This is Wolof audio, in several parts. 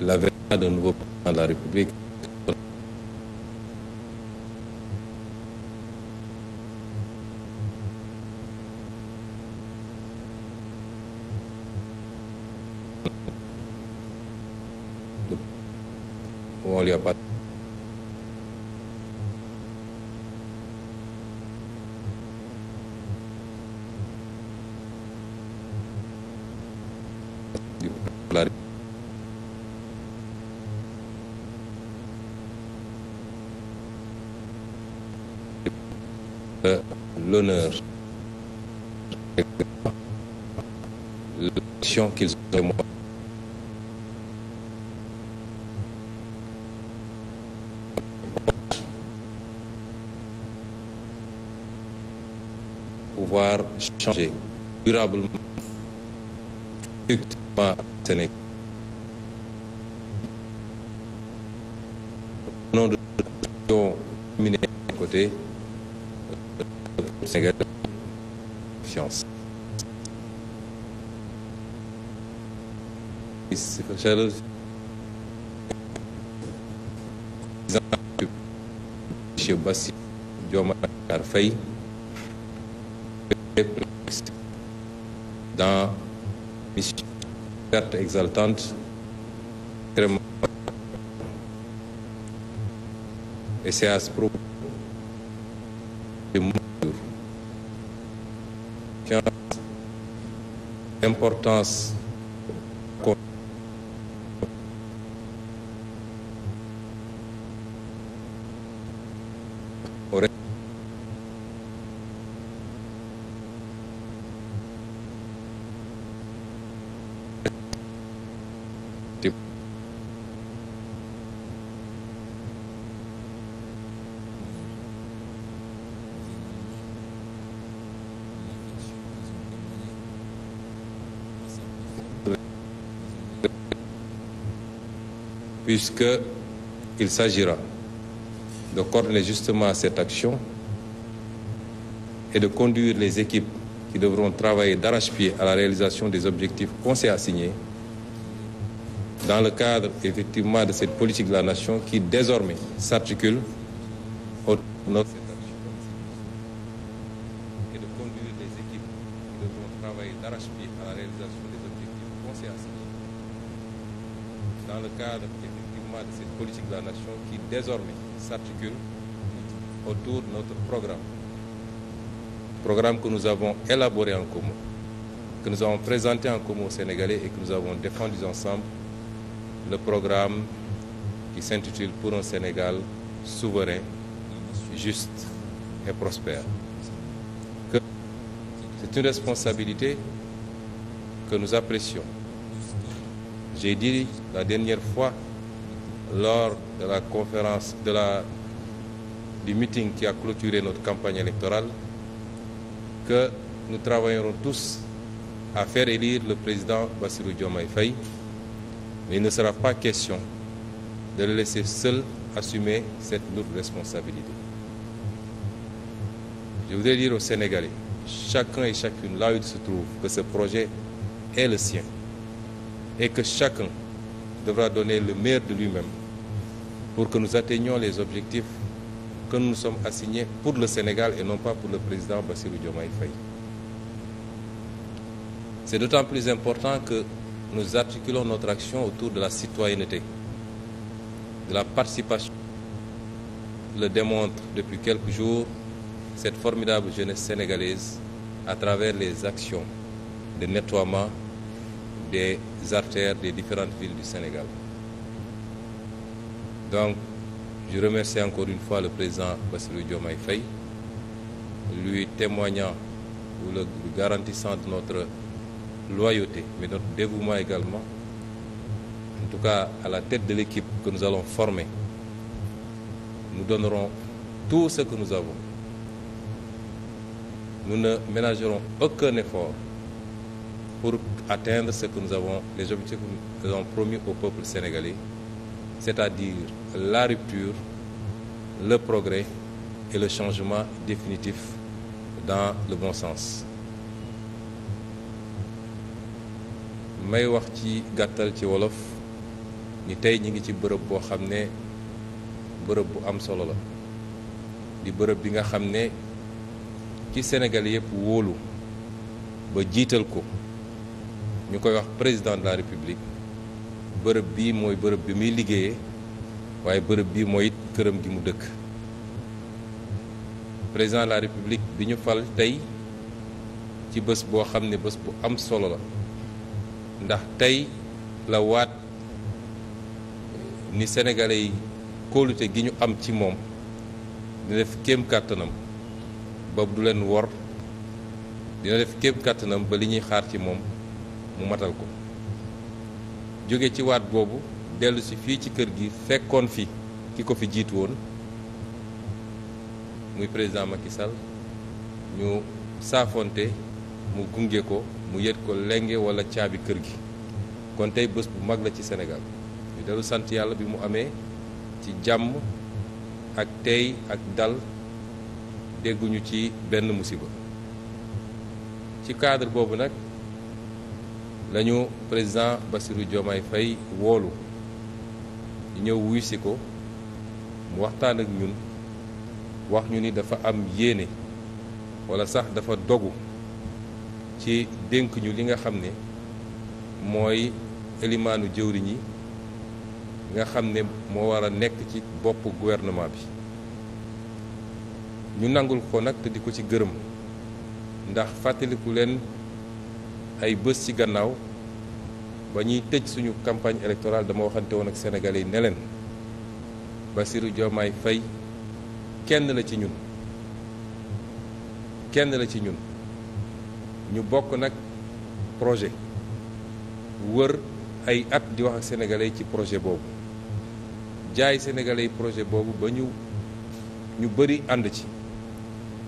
l'avènement d'un nouveau président de la République l'honneur l'action qu'ils ont pouvoir changer durablement Sénégal. Au nom de la côté Sénégal confiance chaleureuse monsieur Bassi Diomacar Faye dans mission carte exaltante et c'est à importance puisqu'il s'agira de coordonner justement cette action et de conduire les équipes qui devront travailler d'arrache-pied à la réalisation des objectifs qu'on assignés dans le cadre effectivement de cette politique de la nation qui désormais s'articule autour dans le cadre effectivement de la nation qui désormais s'articule autour de notre programme. Programme que nous avons élaboré en commun, que nous avons présenté en commun aux Sénégalais et que nous avons défendu ensemble le programme qui s'intitule Pour un Sénégal souverain, juste et prospère. C'est une responsabilité que nous apprécions J'ai dit la dernière fois, lors de la conférence, de la, du meeting qui a clôturé notre campagne électorale, que nous travaillerons tous à faire élire le président Bassirou Diomaye Faye, mais il ne sera pas question de le laisser seul assumer cette lourde responsabilité. Je voudrais dire aux Sénégalais, chacun et chacune là où il se trouve, que ce projet est le sien. et que chacun devra donner le meilleur de lui-même pour que nous atteignions les objectifs que nous nous sommes assignés pour le Sénégal et non pas pour le président Bassirou Diomaye Faye. C'est d'autant plus important que nous articulons notre action autour de la citoyenneté, de la participation. Le démontre depuis quelques jours cette formidable jeunesse sénégalaise à travers les actions de nettoiement des artères des différentes villes du Sénégal. Donc, je remercie encore une fois le président Bassirou Diomaye Faye, lui témoignant le garantissant de notre loyauté, mais notre dévouement également, en tout cas à la tête de l'équipe que nous allons former. Nous donnerons tout ce que nous avons. Nous ne ménagerons aucun effort pour atteindre ce que nous avons, les objectifs que nous avons promis au peuple sénégalais, c'est-à-dire la rupture, le progrès et le changement définitif dans le bon sens. may wax ci gàttal ci wolof ni tey ñi ngi ci bërëb boo xam ne bërëb bu am solo la di bërëb bi nga xam ne ci Sénégal yëpp wóolu ba jiital ko ñu koy wax président de la république bërëb bii mooy bërëb bi muy liggéeyee waaye bërëb bii mooy it këram gi mu dëkk président de la république bi ñu fal tey ci bés boo xam ne bés bu am solo la ndax tey la waat ni sénégalais yi kóolute gi ñu am ci moom dina def kem kàttanam ba du leen wor dina def kéem kàttanam ba li ñuy xaar ci moom mu matal ko jóge ci waat boobu dellu fii ci kër gi fekkoon fi ki ko fi jiitu woon muy président Macky Sall ñu saafonte mu gunge ko mu yët ko lenge wala caabi kër gi kon tey bés bu mag la ci Sénégal ñu dellu sant yàlla bi mu amee ci jàmm ak tey ak dal dégguñu ci benn musiba ci cadre boobu nag lañu président Bassirou Diomaye Faye woolu ñëw wuy si ko mu waxtaan ak ñun wax ñu ni dafa am yéene walla sax dafa dogu ci dénk ñu li nga xam ne mooy élimaanu jëwriñ yi nga xam ne moo war a nekk ci bopp gouvernement bi ñu nangul ko nag te di ko ci gërëm ndax fàttaliku leen ay bés ci gannaaw ba ñuy tëj suñu campagne électorale dama waxante woon ak sénégalais yi ne leen Bassirou Diomaye Faye kenn la ci ñun kenn la ci ñun ñu bokk nag projet wër ay at di wax ak sénégalais ci projet boobu jaay sénégalais yi projet boobu ba ñu ñu bëri ànd ci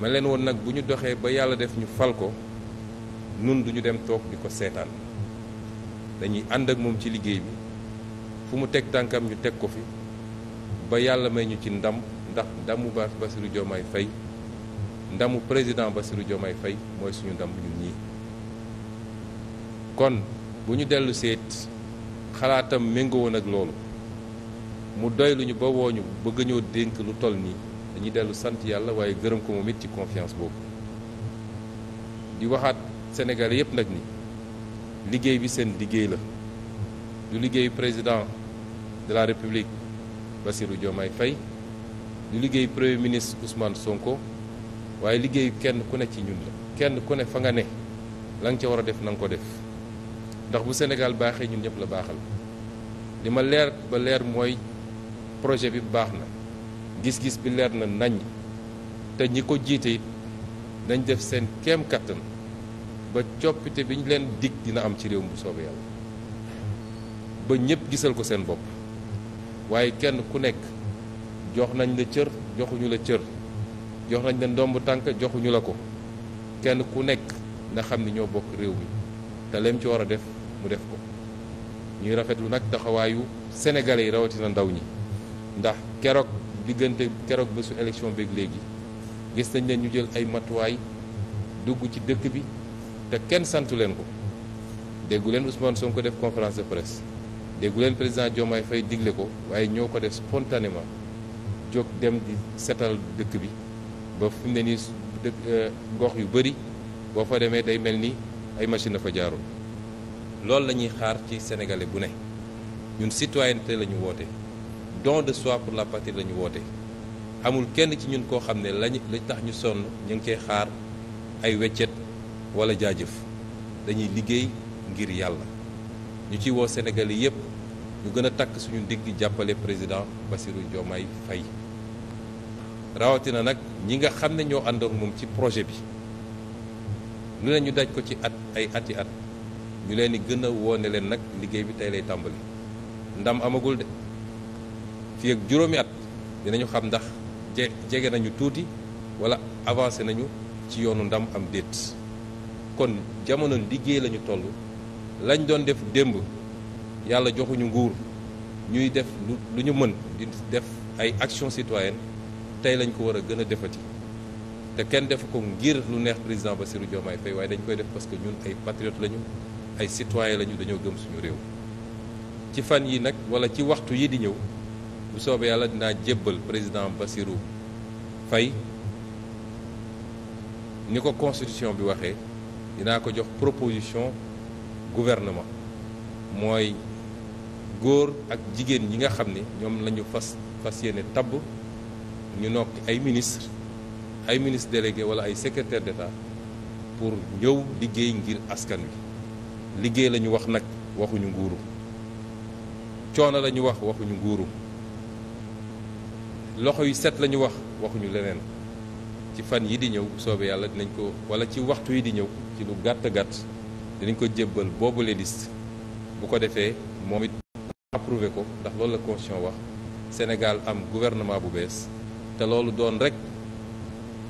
ma leen woon nag bu ñu doxee ba yàlla def ñu fal ko nun duñu dem toog di ko seetaan dañuy ànd ak moom ci liggéey bi fu mu teg tànkam ñu teg ko fi ba yàlla may ñu ci ndam ndax ndamu ba Bassirou Diomaye Faye ndamu président Bassirou Diomaye fay mooy suñu ndam ñun ñii kon bu ñu dellu seet xalaatam méngoo woon ak loolu mu doy luñu ba wooñu bëgg ñoo dénk lu toll nii dañuy dellu sant yàlla waaye gërëm ko moom it ci confiance boobu di waxaat Sénégalais yëpp nag ni liggéey bi seen liggéey la du liggéey président de la République Bassirou Diomaye Faye du liggéey premier ministre Ousmane Sonko waaye liggéeyu kenn ku ne ci ñun la kenn ku ne fa nga ne la nga ca war a def na ko def ndax bu Sénégal baaxee ñun ñëpp la baaxal li ma leer ba leer mooy projet bi baax na gis-gis bi leer na nañ te ñi ko jiite it nañ def seen kem kattan. ba coppite bi ñu leen digg dina am ci réew mi bu soobee yàlla ba ñëpp gisal ko seen bopp waaye kenn ku nekk jox nañ la cër joxuñu la cër jox nañ la ndomb tànk joxuñu la ko kenn ku nekk na xam ni ñoo bokk réew mi te leem ci war a def mu def ko ñuy rafetlu nag taxawaayu sénégalais yi rawatina ndaw ñi ndax keroog diggante keroog bésu élection beeg léegi gis nañ leen ñu jël ay matuwaay dugg ci dëkk bi te kenn santu leen ko déggu leen Ousmane ko def conférence de presse déggu leen président Diomaye Faye digle ko waaye ñoo ko def spontanément jóg dem di setal dëkk bi ba fi mu ne nii dëkk euh, gox yu bëri boo fa demee day mel ni ay machine na fa jaarul loolu la ñuy xaar ci sénégalais bu ne ñun citoyenneté la ñu woote don de soi pour la patrie la ñu woote amul kenn ci ñun koo xam ne lañ lañ tax ñu sonn ñu ngi koy xaar ay weccet wala jaajëf dañuy liggéey ngir yàlla ñu ci woo Sénégal yi yëpp ñu gën a takk suñu ndigg jàppale président Bassirou Diomaye fay rawatina nag ñi nga xam ne ñoo àndoor moom ci projet bi lu ne ñu daj ko ci at ay ati at ñu leen di gën a woone leen nag liggéey bi tey lay tàmbali ndam amagul de fii ak juróomi at dinañu xam ndax je jege nañu tuuti wala avancé nañu ci yoonu ndam am déet kon jamono liggéey lañu toll lañ doon def démb yàlla joxuñu nguur ñuy def lu lu ñu mën di def ay action citoyenne tey lañ ko war a gën a defati te kenn def ko ngir lu neex président Bassirou Diomaye Faye waaye dañ koy def parce que ñun ay patriotes lañu ay citoyens lañu dañoo gëm suñu réew ci fan yi nag wala ci waxtu yi di ñëw bu soobee yàlla dinaa jébbal président Bassirou Faye ni ko constitution bi waxee dinaa ko jox proposition gouvernement mooy góor ak jigéen ñi nga xam ne ñoom lañu fas fas yéene tabb ñu nokk ay ministre ay ministre délégué wala ay secrétaire d'État pour ñëw liggéey ngir askan wi liggéey lañu wax nag waxuñu nguuru coono la ñu wax waxuñu nguuru loxo yu set la ñu wax waxuñu leneen ci fan yi di ñëw soobee yàlla dinañ ko wala ci waxtu yi di ñëw ci lu gàtt gàtt dinañ ko jébbal boobu les listes bu ko defee moom it approuvé ko ndax loolu la constitution wax Sénégal am gouvernement bu bees te loolu doon rek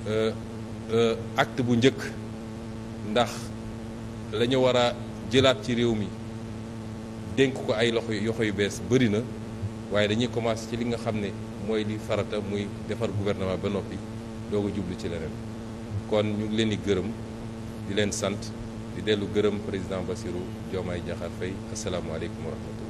euh, euh, act bu njëkk ndax la ñu war a jëlaat ci réew mi dénk ko ay loxo yoxo yu bees bëri na waaye dañuy commencé ci li nga xam ne mooy li farata muy defar gouvernement ba noppi ko jublu ci leneen kon ñu leen di gërëm di leen sant di dellu gërëm président Bassirou Diomaye Diakhar Faye asalaamualeykum wa rahmatullah